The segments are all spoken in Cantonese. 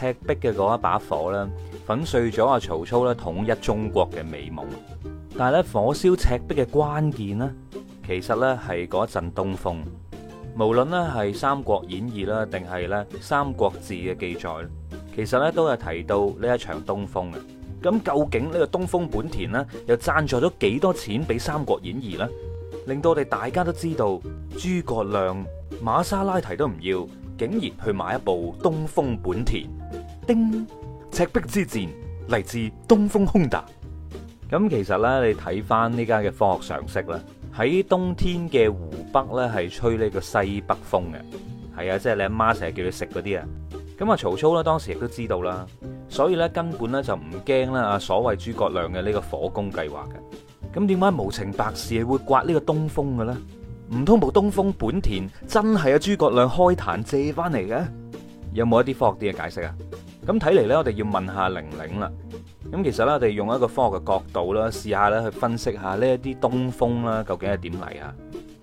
赤壁嘅嗰一把火咧，粉碎咗啊曹操咧統一中國嘅美夢。但係咧，火燒赤壁嘅關鍵咧，其實咧係嗰陣東風。無論咧係《三國演義》啦，定係咧《三國志》嘅記載，其實咧都係提到呢一場東風嘅。咁究竟呢個東風本田咧，又贊助咗幾多錢俾《三國演義》咧？令到我哋大家都知道，諸葛亮馬莎拉提都唔要，竟然去買一部東風本田。赤壁之戰嚟自東風空達，咁，其實呢，你睇翻呢家嘅科學常識咧，喺冬天嘅湖北呢，係吹呢個西北風嘅，係啊，即係你阿媽成日叫你食嗰啲啊。咁啊，曹操呢，當時亦都知道啦，所以呢，根本呢就唔驚啦啊。所謂諸葛亮嘅呢個火攻計劃嘅，咁點解無情白事會刮呢個東風嘅咧？唔通部東風本田真係阿諸葛亮開壇借翻嚟嘅？有冇一啲科學啲嘅解釋啊？咁睇嚟咧，我哋要問下玲玲啦。咁其實咧，我哋用一個科學嘅角度啦，試下咧去分析下呢一啲東風啦，究竟係點嚟啊？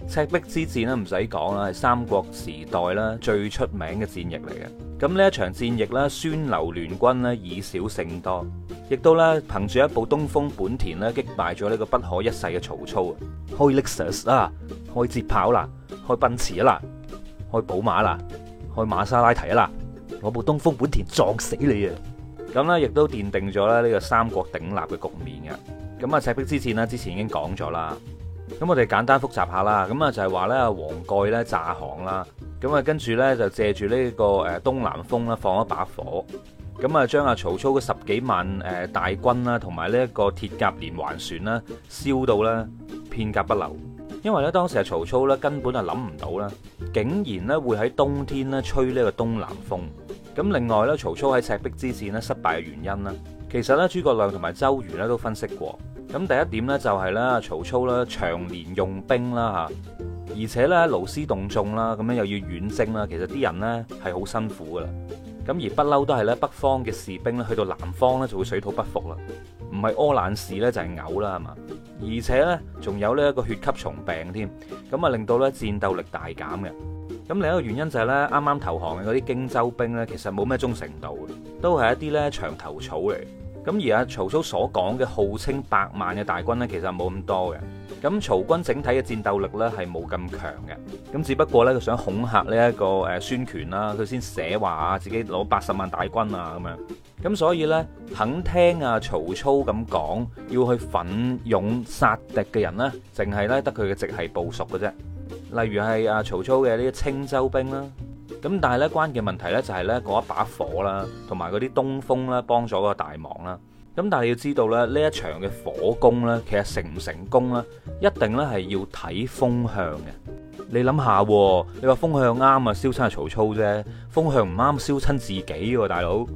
赤壁之戰呢，唔使講啦，係三國時代啦，最出名嘅戰役嚟嘅。咁呢一場戰役啦，孫劉聯軍呢，以少勝多，亦都咧憑住一部東風本田呢，擊敗咗呢個不可一世嘅曹操。開 Lexus 啦，開捷跑啦，開奔馳啊啦，開寶馬啦，開馬莎拉提啊啦。攞部東風本田撞死你啊！咁咧亦都奠定咗咧呢個三國鼎立嘅局面嘅。咁啊赤壁之戰呢，之前已經講咗啦。咁我哋簡單複習下啦。咁啊就係話咧，黃蓋咧詐降啦。咁啊跟住咧就借住呢個誒東南風啦，放一把火。咁啊將阿曹操嘅十幾萬誒大軍啦，同埋呢一個鐵甲連環船啦，燒到咧片甲不留。因為咧當時係曹操咧根本就諗唔到啦，竟然咧會喺冬天咧吹呢個東南風。咁另外咧，曹操喺赤壁之戰咧失敗嘅原因咧，其實咧諸葛亮同埋周瑜咧都分析過。咁第一點咧就係咧曹操咧長年用兵啦吓，而且咧勞師動眾啦，咁樣又要遠征啦，其實啲人咧係好辛苦噶啦。咁而不嬲都係咧北方嘅士兵咧去到南方咧就會水土不服啦，唔係屙爛屎咧就係嘔啦係嘛？而且呢，仲有呢一個血吸蟲病添，咁啊令到呢戰鬥力大減嘅。咁另一個原因就係呢啱啱投降嘅嗰啲荊州兵呢，其實冇咩忠誠度，都係一啲呢長頭草嚟。咁而阿曹操所講嘅號稱百萬嘅大軍呢，其實冇咁多嘅。咁曹軍整體嘅戰鬥力呢，係冇咁強嘅。咁只不過呢，佢想恐嚇呢一個誒孫權啦，佢先寫話啊，自己攞八十萬大軍啊咁樣。咁所以呢，肯聽阿曹操咁講，要去奮勇殺敵嘅人呢，淨係呢得佢嘅直系部屬嘅啫。例如係阿曹操嘅呢啲青州兵啦。咁但係呢關鍵問題呢，就係呢嗰一把火啦，同埋嗰啲東風啦，幫咗個大忙啦。咁但係要知道咧，呢一場嘅火攻呢，其實成唔成功呢，一定呢係要睇風向嘅。你諗下，你話風向啱啊，燒親係曹操啫；風向唔啱，燒親自己喎，大佬。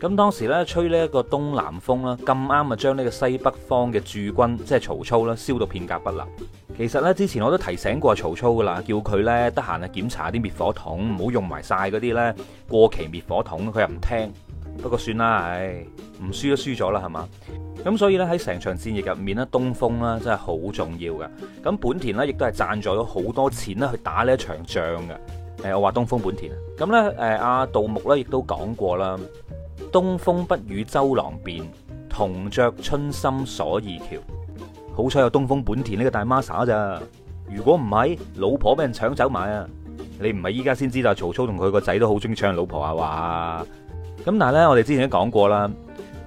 咁當時呢，吹呢一個東南風啦，咁啱啊將呢個西北方嘅駐軍，即係曹操啦，燒到片甲不留。其實呢，之前我都提醒過曹操噶啦，叫佢呢，得閒啊檢查啲滅火筒，唔好用埋曬嗰啲呢，過期滅火筒，佢又唔聽。不過算啦，唉，唔輸都輸咗啦，係嘛？咁所以呢，喺成場戰役入面咧，東風啦真係好重要噶。咁本田呢，亦都係贊助咗好多錢啦去打呢一場仗噶。誒，我話東風本田。咁呢，誒阿杜牧呢，亦都講過啦：東風不與周郎便，同着春心鎖二喬。好彩有東風本田呢個大媽咋？如果唔係，老婆俾人搶走埋啊！你唔係依家先知道曹操同佢個仔都好中意搶老婆啊？話？咁但係咧，我哋之前都講過啦，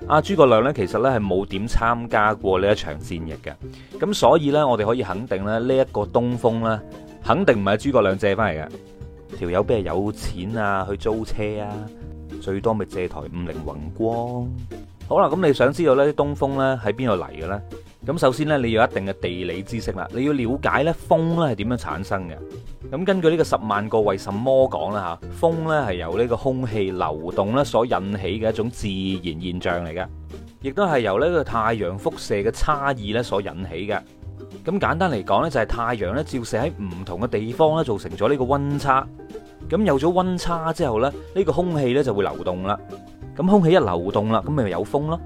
阿諸葛亮咧其實咧係冇點參加過呢一場戰役嘅，咁所以咧我哋可以肯定咧呢一個東風咧，肯定唔係阿諸葛亮借翻嚟嘅，條友邊係有錢啊去租車啊，最多咪借台五菱宏光，好啦，咁你想知道呢啲東風咧喺邊度嚟嘅咧？咁首先咧，你要有一定嘅地理知識啦，你要了解呢風咧係點樣產生嘅。咁根據呢個十萬個為什麼講啦嚇，風呢係由呢個空氣流動呢所引起嘅一種自然現象嚟嘅，亦都係由呢個太陽輻射嘅差異呢所引起嘅。咁簡單嚟講呢，就係太陽咧照射喺唔同嘅地方呢，造成咗呢個溫差。咁有咗溫差之後呢，呢個空氣呢就會流動啦。咁空氣一流動啦，咁咪有風咯。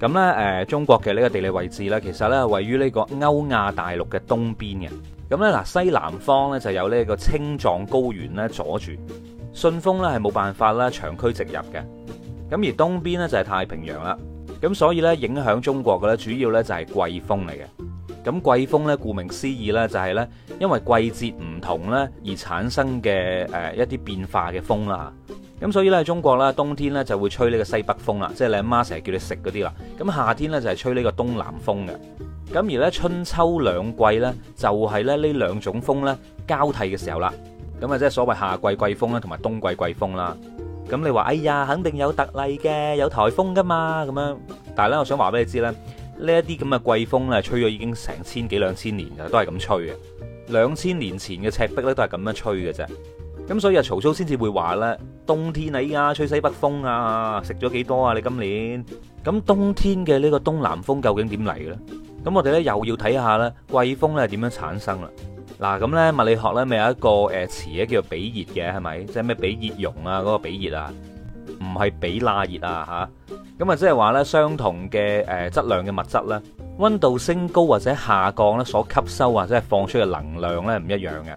咁咧，誒中國嘅呢個地理位置咧，其實咧位於呢個歐亞大陸嘅東邊嘅。咁咧嗱，西南方咧就有呢個青藏高原咧阻住，信風咧係冇辦法啦長驅直入嘅。咁而東邊咧就係太平洋啦。咁所以咧影響中國嘅咧，主要咧就係季風嚟嘅。咁季風咧，顧名思義咧，就係咧因為季節唔同咧而產生嘅誒一啲變化嘅風啦。咁所以咧，中國咧冬天咧就會吹呢個西北風啦，即係你阿媽成日叫你食嗰啲啦。咁夏天咧就係吹呢個東南風嘅。咁而咧春秋兩季咧就係咧呢兩種風咧交替嘅時候啦。咁啊即係所謂夏季季風咧同埋冬季季風啦。咁你話哎呀，肯定有特例嘅，有颱風噶嘛咁樣。但係咧，我想話俾你知咧，呢一啲咁嘅季風咧吹咗已經成千幾兩千年嘅都係咁吹嘅。兩千年前嘅赤壁咧都係咁樣吹嘅啫。咁所以啊，曹操先至會話咧，冬天啊，依家吹西北風啊，食咗幾多啊？你今年咁冬天嘅呢個東南風究竟點嚟嘅咧？咁我哋咧又要睇下咧，季風咧係點樣產生啦？嗱，咁咧物理學咧咪有一個誒詞咧叫做比熱嘅係咪？即係咩比熱容啊？嗰個比熱啊，唔係比辣熱啊吓？咁啊即係話咧，相同嘅誒質量嘅物質咧，溫度升高或者下降咧所吸收或者係放出嘅能量咧唔一樣嘅。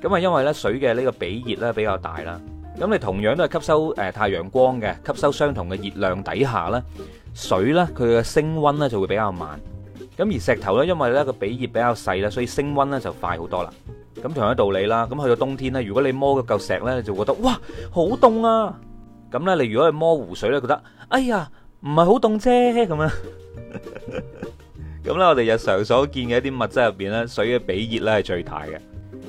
咁啊，因為咧水嘅呢個比熱咧比較大啦，咁你同樣都係吸收誒太陽光嘅，吸收相同嘅熱量底下咧，水咧佢嘅升温咧就會比較慢，咁而石頭咧因為咧個比熱比較細咧，所以升温咧就快好多啦。咁同樣嘅道理啦，咁去到冬天咧，如果你摸嗰嚿石咧就覺得，哇，好凍啊，咁咧你如果去摸湖水咧覺得，哎呀，唔係好凍啫咁樣，咁咧我哋日常所見嘅一啲物質入邊咧，水嘅比熱咧係最大嘅。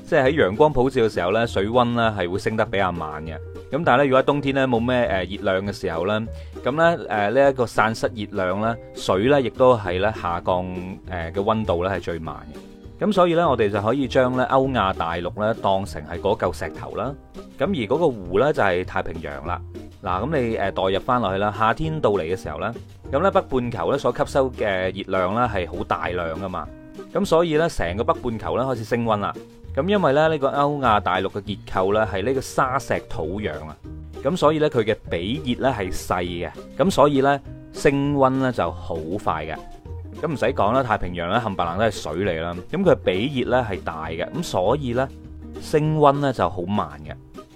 即係喺陽光普照嘅時候呢，水溫呢係會升得比較慢嘅。咁但係咧，如果喺冬天呢冇咩誒熱量嘅時候呢，咁咧誒呢一個散失熱量呢，水呢亦都係呢下降誒嘅溫度呢係最慢嘅。咁所以呢，我哋就可以將呢歐亞大陸呢當成係嗰嚿石頭啦。咁而嗰個湖呢，就係太平洋啦。嗱，咁你誒代入翻落去啦。夏天到嚟嘅時候呢，咁呢北半球呢所吸收嘅熱量呢係好大量噶嘛。咁所以呢，成個北半球呢開始升溫啦。咁因為咧，呢個歐亞大陸嘅結構咧係呢個沙石土壤啊，咁所以咧佢嘅比熱咧係細嘅，咁所以咧升温咧就好快嘅。咁唔使講啦，太平洋咧冚唪唥都係水嚟啦，咁佢比熱咧係大嘅，咁所以咧升温咧就好慢嘅。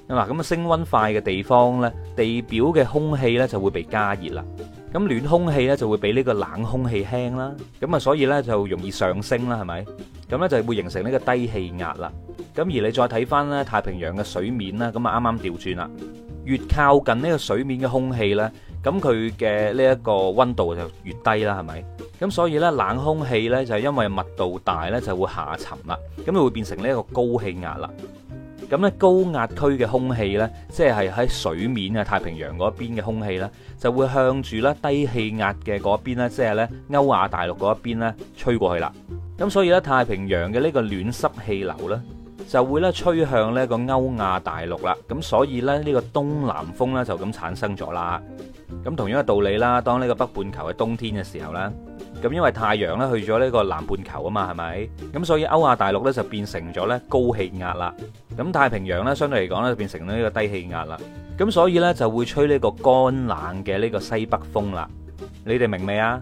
嗱，咁啊升温快嘅地方咧，地表嘅空氣咧就會被加熱啦，咁暖空氣咧就會比呢個冷空氣輕啦，咁啊所以咧就容易上升啦，係咪？咁咧就會形成呢個低氣壓啦。咁而你再睇翻咧太平洋嘅水面啦，咁啊啱啱調轉啦。越靠近呢個水面嘅空氣咧，咁佢嘅呢一個温度就越低啦，係咪？咁所以咧冷空氣咧就係因為密度大咧就會下沉啦。咁就會變成呢一個高氣壓啦。咁咧高壓區嘅空氣咧，即係喺水面啊太平洋嗰邊嘅空氣咧，就會向住咧低氣壓嘅嗰邊咧，即係咧歐亞大陸嗰一邊咧吹過去啦。咁所以咧，太平洋嘅呢個暖濕氣流咧，就會咧吹向呢個歐亞大陸啦。咁所以咧，呢個東南風咧就咁產生咗啦。咁同樣嘅道理啦，當呢個北半球嘅冬天嘅時候咧，咁因為太陽咧去咗呢個南半球啊嘛，係咪？咁所以歐亞大陸咧就變成咗咧高氣壓啦。咁太平洋咧相對嚟講咧就變成咗呢個低氣壓啦。咁所以咧就會吹呢個乾冷嘅呢個西北風啦。你哋明未啊？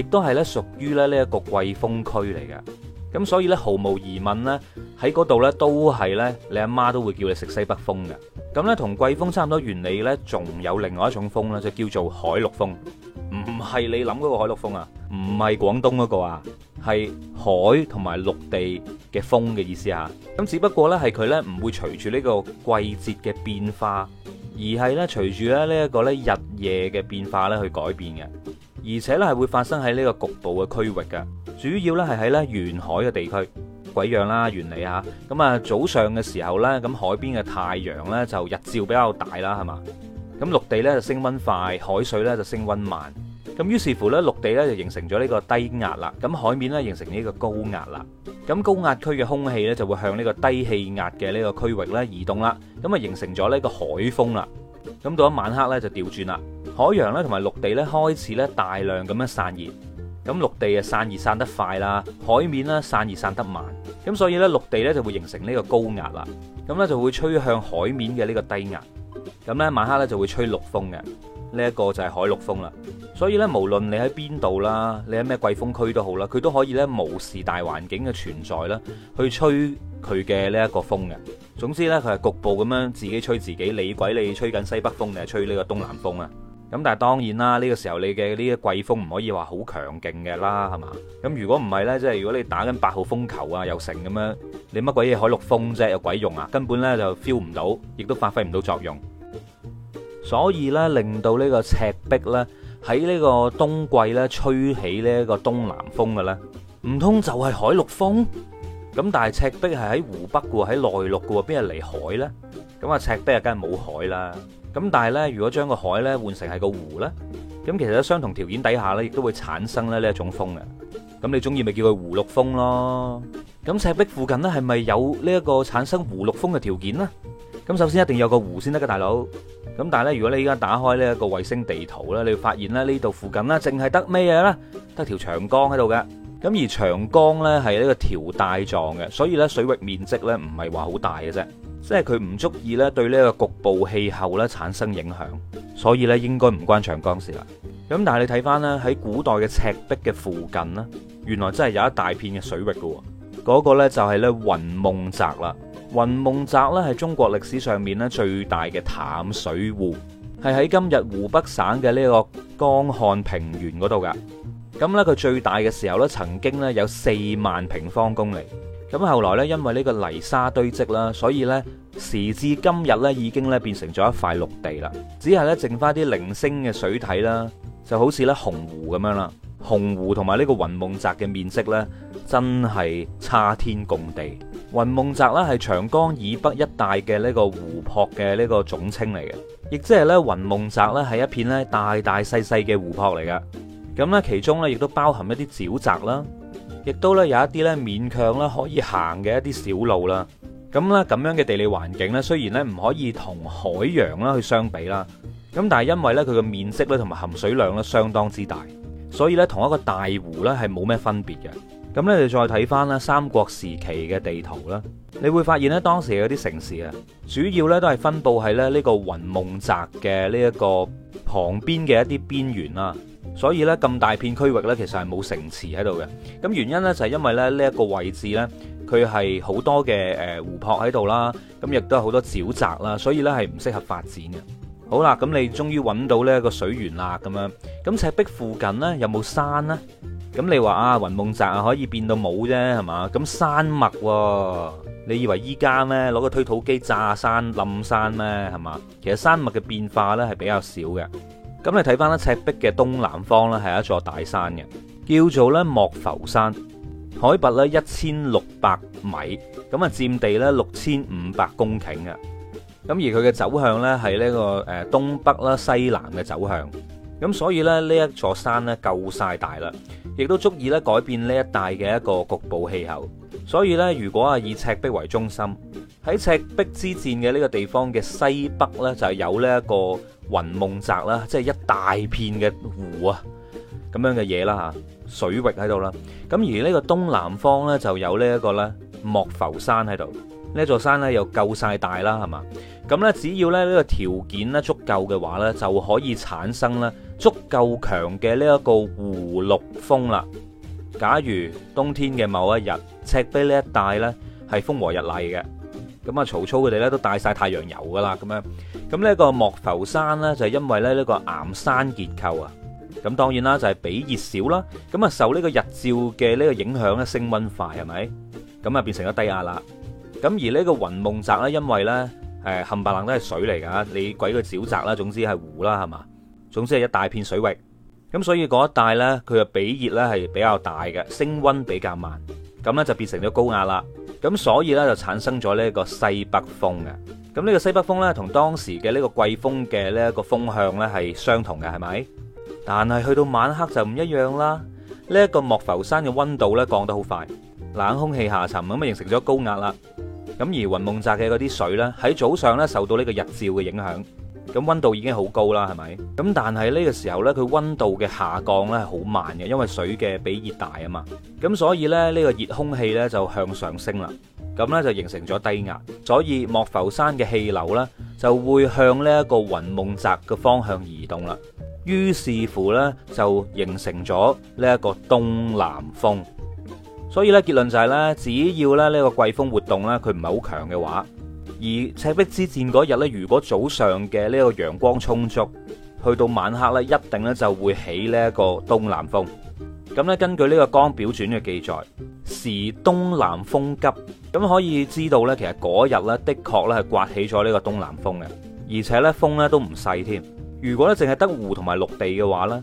亦都係咧，屬於咧呢一個季風區嚟嘅，咁所以呢，毫無疑問呢喺嗰度呢，都係呢你阿媽都會叫你食西北風嘅。咁呢，同季風差唔多原理呢，仲有另外一種風呢，就叫做海陸風。唔係你諗嗰個海陸風啊，唔係廣東嗰個啊，係海同埋陸地嘅風嘅意思啊。咁只不過呢，係佢呢唔會隨住呢個季節嘅變化，而係呢隨住咧呢一個咧日夜嘅變化呢去改變嘅。而且咧，係會發生喺呢個局部嘅區域嘅，主要咧，係喺咧，沿海嘅地區，鬼樣啦，原理吓，咁啊早上嘅時候咧，咁海邊嘅太陽咧就日照比較大啦，係咪？咁陸地咧就升温快，海水咧就升温慢，咁於是乎咧陸地咧就形成咗呢個低壓啦，咁海面咧形成呢個高壓啦，咁高壓區嘅空氣咧就會向呢個低氣壓嘅呢個區域咧移動啦，咁啊形成咗呢個海風啦，咁到一晚黑咧就調轉啦。海洋咧同埋陸地咧開始咧大量咁樣散熱，咁陸地啊散熱散得快啦，海面咧散熱散得慢，咁所以咧陸地咧就會形成呢個高壓啦，咁咧就會吹向海面嘅呢個低壓，咁咧晚黑咧就會吹陸風嘅，呢一個就係海陸風啦。所以咧無論你喺邊度啦，你喺咩季風區都好啦，佢都可以咧無視大環境嘅存在啦，去吹佢嘅呢一個風嘅。總之咧佢係局部咁樣自己吹自己，你鬼你吹緊西北風定係吹呢個東南風啊？咁但係當然啦，呢個時候你嘅呢啲季風唔可以話好強勁嘅啦，係嘛？咁如果唔係咧，即係如果你打緊八號風球啊，又成咁樣，你乜鬼嘢海陸風啫，有鬼用啊？根本咧就 feel 唔到，亦都發揮唔到作用。所以咧，令到呢個赤壁咧喺呢個冬季咧吹起呢個東南風嘅咧，唔通就係海陸風？咁但係赤壁係喺湖北喎，喺內陸嘅喎，邊係離海咧？咁啊，赤壁啊梗係冇海啦。咁但係呢，如果將個海呢換成係個湖呢，咁其實喺相同條件底下呢，亦都會產生咧呢一種風嘅。咁你中意咪叫佢湖陸風咯？咁赤壁附近呢，係咪有呢一個產生湖陸風嘅條件呢？咁首先一定有一個湖先得嘅，大佬。咁但係呢，如果你依家打開呢一個衛星地圖呢，你會發現咧呢度附近呢，淨係得咩嘢咧？得條長江喺度嘅。咁而長江呢，係一個條帶狀嘅，所以呢水域面積呢，唔係話好大嘅啫。即係佢唔足以咧，對呢個局部氣候咧，產生影響，所以咧，應該唔關長江事啦。咁但係你睇翻咧，喺古代嘅赤壁嘅附近咧，原來真係有一大片嘅水域噶。嗰個呢就係咧雲夢澤啦。雲夢澤咧係中國歷史上面咧最大嘅淡水湖，係喺今日湖北省嘅呢個江漢平原嗰度噶。咁呢，佢最大嘅時候咧曾經咧有四萬平方公里。咁後來呢，因為呢個泥沙堆積啦，所以呢時至今日呢，已經呢變成咗一塊陸地啦。只係呢剩翻啲零星嘅水體啦，就好似呢洪湖咁樣啦。洪湖同埋呢個雲夢澤嘅面積呢，真係差天共地。雲夢澤呢係長江以北一帶嘅呢個湖泊嘅呢個總稱嚟嘅，亦即係呢雲夢澤呢係一片呢大大細細嘅湖泊嚟嘅。咁呢其中呢，亦都包含一啲沼澤啦。亦都咧有一啲咧勉強咧可以行嘅一啲小路啦，咁咧咁樣嘅地理環境咧，雖然咧唔可以同海洋啦去相比啦，咁但係因為咧佢嘅面積咧同埋含水量咧相當之大，所以咧同一個大湖咧係冇咩分別嘅。咁咧你再睇翻咧三國時期嘅地圖啦，你會發現咧當時嗰啲城市啊，主要咧都係分布喺咧呢個雲夢澤嘅呢一個旁邊嘅一啲邊緣啦。所以呢，咁大片區域呢，其實係冇城池喺度嘅。咁原因呢，就係因為咧呢一個位置呢，佢係好多嘅湖泊喺度啦。咁亦都有好多沼澤啦，所以呢係唔適合發展嘅。好啦，咁你終於揾到呢個水源啦，咁樣。咁赤壁附近呢，有冇山呢？咁你話啊，雲夢澤啊可以變到冇啫，係嘛？咁山脈、哦，你以為依家呢，攞個推土機炸山冧山咩？係嘛？其實山脈嘅變化呢，係比較少嘅。咁你睇翻咧，赤壁嘅東南方咧係一座大山嘅，叫做咧莫浮山，海拔咧一千六百米，咁啊佔地咧六千五百公頃啊，咁而佢嘅走向咧係呢個誒東北啦西南嘅走向，咁所以咧呢一座山咧夠曬大啦，亦都足以咧改變呢一帶嘅一個局部氣候，所以咧如果啊以赤壁為中心。喺赤壁之戰嘅呢個地方嘅西北呢，就係有呢一個雲夢澤啦，即係一大片嘅湖啊，咁樣嘅嘢啦嚇水域喺度啦。咁而呢個東南方呢，就有呢一個咧莫浮山喺度。呢座山呢，又夠晒大啦，係嘛？咁呢，只要咧呢個條件呢，足夠嘅話呢，就可以產生呢足夠強嘅呢一個湖陸風啦。假如冬天嘅某一日，赤壁呢一帶呢，係風和日麗嘅。咁啊，曹操佢哋咧都帶曬太陽油噶啦，咁樣。咁呢個莫浮山咧就係因為咧呢個岩山結構啊。咁當然啦，就係比熱少啦。咁啊，受呢個日照嘅呢個影響咧，升溫快係咪？咁啊，變成咗低壓啦。咁而呢個雲夢澤咧，因為咧誒冚唪唥都係水嚟㗎，你鬼個沼澤啦，總之係湖啦係嘛，總之係一大片水域。咁所以嗰一帶咧，佢嘅比熱咧係比較大嘅，升溫比較慢。咁咧就變成咗高壓啦。咁所以咧就產生咗呢一個西北風嘅，咁呢個西北風咧同當時嘅呢個季風嘅呢一個風向咧係相同嘅，係咪？但係去到晚黑就唔一樣啦。呢一個莫浮山嘅温度咧降得好快，冷空氣下沉，咁啊形成咗高壓啦。咁而雲夢澤嘅嗰啲水咧喺早上咧受到呢個日照嘅影響。咁溫度已經好高啦，係咪？咁但係呢個時候呢，佢溫度嘅下降呢，係好慢嘅，因為水嘅比熱大啊嘛。咁所以呢，呢個熱空氣呢，就向上升啦。咁呢，就形成咗低壓，所以莫浮山嘅氣流呢，就會向呢一個雲夢澤嘅方向移動啦。於是乎呢，就形成咗呢一個東南風。所以呢，結論就係呢，只要咧呢個季風活動呢，佢唔係好強嘅話。而赤壁之戰嗰日咧，如果早上嘅呢個陽光充足，去到晚黑咧，一定咧就會起呢一個東南風。咁咧根據呢個江表傳嘅記載，時東南風急，咁可以知道咧，其實嗰日咧的確咧係刮起咗呢個東南風嘅，而且咧風咧都唔細添。如果咧淨係得湖同埋陸地嘅話咧，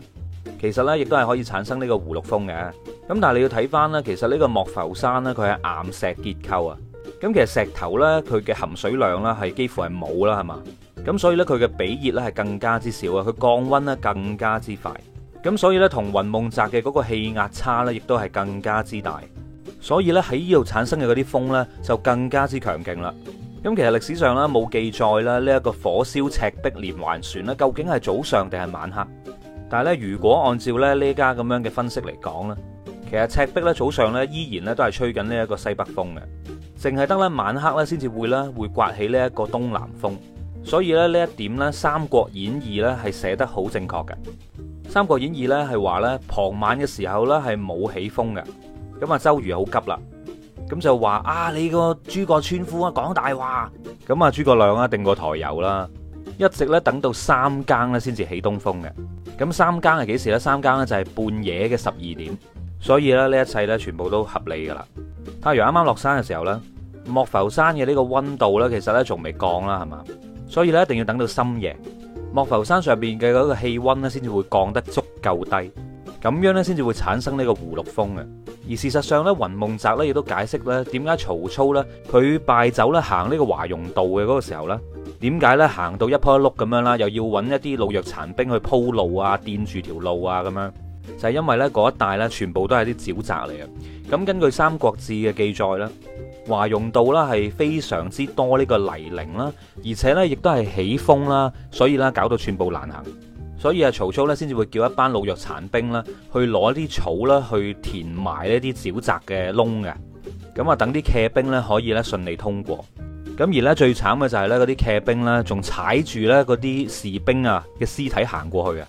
其實咧亦都係可以產生呢個湖陸風嘅。咁但係你要睇翻咧，其實呢個莫浮山咧，佢係岩石結構啊。咁其實石頭咧，佢嘅含水量咧，係幾乎係冇啦，係嘛？咁所以咧，佢嘅比熱咧係更加之少啊，佢降溫咧更加之快。咁所以咧，同雲夢澤嘅嗰個氣壓差咧，亦都係更加之大。所以咧，喺呢度產生嘅嗰啲風咧，就更加之強勁啦。咁其實歷史上咧冇記載啦，呢一個火燒赤壁連環船咧，究竟係早上定係晚黑？但係咧，如果按照咧呢家咁樣嘅分析嚟講咧，其實赤壁咧早上咧依然咧都係吹緊呢一個西北風嘅。淨係得咧晚黑咧先至會咧會刮起呢一個東南風，所以咧呢一點咧《三國演義》咧係寫得好正確嘅，《三國演義》咧係話咧傍晚嘅時候咧係冇起風嘅，咁啊周瑜好急啦，咁就話啊你個諸葛村夫啊講大話，咁啊諸葛亮啊定過台油啦，一直咧等到三更咧先至起東風嘅，咁三更係幾時咧？三更咧就係半夜嘅十二點，所以咧呢一切咧全部都合理噶啦。太陽啱啱落山嘅時候呢，莫浮山嘅呢個温度呢，其實呢仲未降啦，係嘛？所以呢，一定要等到深夜，莫浮山上邊嘅嗰個氣溫呢，先至會降得足夠低，咁樣呢，先至會產生呢個湖陸風嘅。而事實上呢，雲夢澤呢，亦都解釋咧，點解曹操呢，佢敗走啦，行呢個華容道嘅嗰個時候呢，點解呢？行到一樖一碌咁樣啦，又要揾一啲老弱殘兵去鋪路，路，路啊、墊住條路啊咁樣，就係、是、因為呢嗰一帶呢，全部都係啲沼澤嚟嘅。咁根據《三國志》嘅記載咧，華容道啦係非常之多呢個泥濘啦，而且咧亦都係起風啦，所以咧搞到寸步難行。所以啊，曹操咧先至會叫一班老弱殘兵啦，去攞啲草啦去填埋呢啲沼澤嘅窿嘅。咁啊，等啲騎兵咧可以咧順利通過。咁而咧最慘嘅就係咧啲騎兵咧仲踩住咧嗰啲士兵啊嘅屍體行過去啊！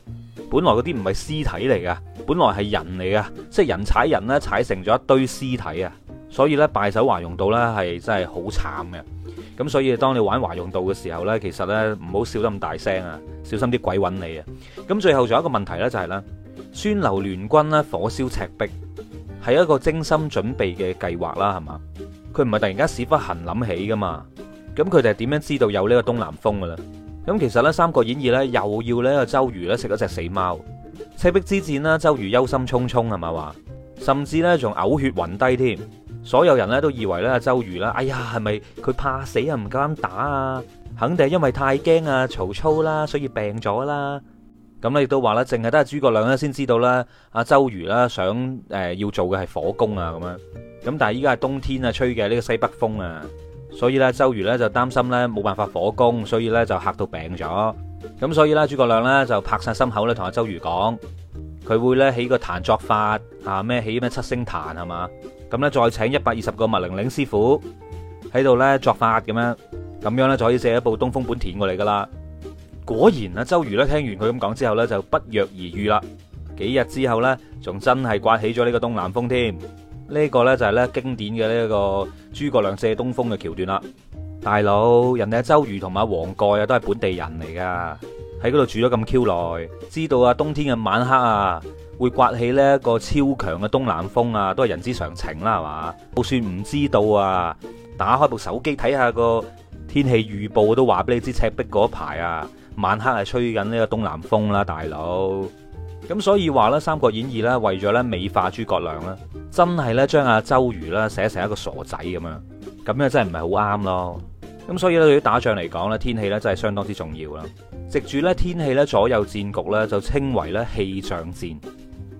本來嗰啲唔係屍體嚟噶，本來係人嚟噶，即係人踩人咧，踩成咗一堆屍體啊！所以咧，敗走華容道咧係真係好慘嘅。咁所以當你玩華容道嘅時候咧，其實咧唔好笑得咁大聲啊，小心啲鬼搵你啊！咁最後仲有一個問題呢、就係，就係咧，孫劉聯軍呢火燒赤壁係一個精心準備嘅計劃啦，係嘛？佢唔係突然間屎忽痕諗起噶嘛？咁佢哋係點樣知道有呢個東南風噶咧？咁其實呢，《三國演義》呢又要呢，個周瑜呢食咗隻死貓，赤壁之戰呢，周瑜憂心忡忡係咪話？甚至呢，仲嘔血暈低添，所有人呢都以為呢，周瑜啦，哎呀，係咪佢怕死啊？唔夠膽打啊？肯定係因為太驚啊曹操啦，所以病咗啦。咁亦都話啦，淨係得阿諸葛亮呢先知道啦，阿周瑜啦想誒要做嘅係火攻啊咁樣。咁但係依家係冬天啊，吹嘅呢個西北風啊。所以咧，周瑜咧就擔心咧冇辦法火攻，所以咧就嚇到病咗。咁所以咧，諸葛亮咧就拍晒心口咧，同阿周瑜講，佢會咧起個壇作法吓咩起咩七星壇係嘛，咁咧再請一百二十個麥玲玲師傅喺度咧作法咁樣，咁樣咧就可以借一部東風本田過嚟噶啦。果然啊，周瑜咧聽完佢咁講之後咧就不藥而癒啦。幾日之後咧，仲真係刮起咗呢個東南風添。呢個呢，就係咧經典嘅呢一個諸葛亮借東風嘅橋段啦，大佬，人哋周瑜同埋阿黃蓋啊都係本地人嚟噶，喺嗰度住咗咁 Q 耐，知道啊冬天嘅晚黑啊會刮起咧個超強嘅東南風啊，都係人之常情啦，係嘛？就算唔知道啊，打開部手機睇下個天氣預報都話俾你知赤壁嗰排啊晚黑係吹緊呢個東南風啦，大佬。咁所以話咧《三國演義》咧為咗呢美化諸葛亮咧，真係呢將阿周瑜啦寫成一個傻仔咁樣，咁樣真係唔係好啱咯。咁所以呢對於打仗嚟講咧，天氣呢真係相當之重要啦。藉住呢天氣呢左右戰局呢就稱為呢氣象戰。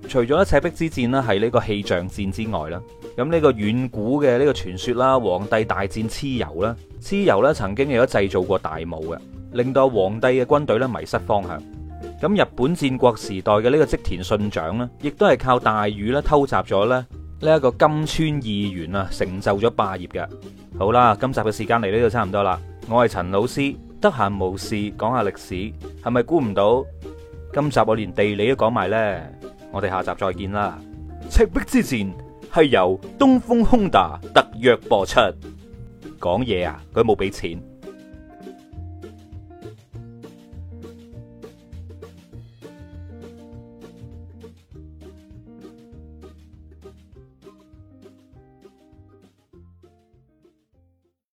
除咗呢赤壁之戰呢係呢個氣象戰之外啦，咁呢個遠古嘅呢個傳說啦，黃帝大戰蚩尤啦，蚩尤呢曾經亦都製造過大霧嘅，令到阿黃帝嘅軍隊咧迷失方向。咁日本戰國時代嘅呢個織田信長呢，亦都係靠大雨呢偷襲咗呢一個今川義元啊，成就咗霸業嘅。好啦，今集嘅時間嚟呢度差唔多啦。我係陳老師，得閒無事講下歷史，係咪估唔到今集我連地理都講埋呢？我哋下集再見啦！赤壁之戰係由東風 HONDA 特約播出，講嘢啊，佢冇俾錢。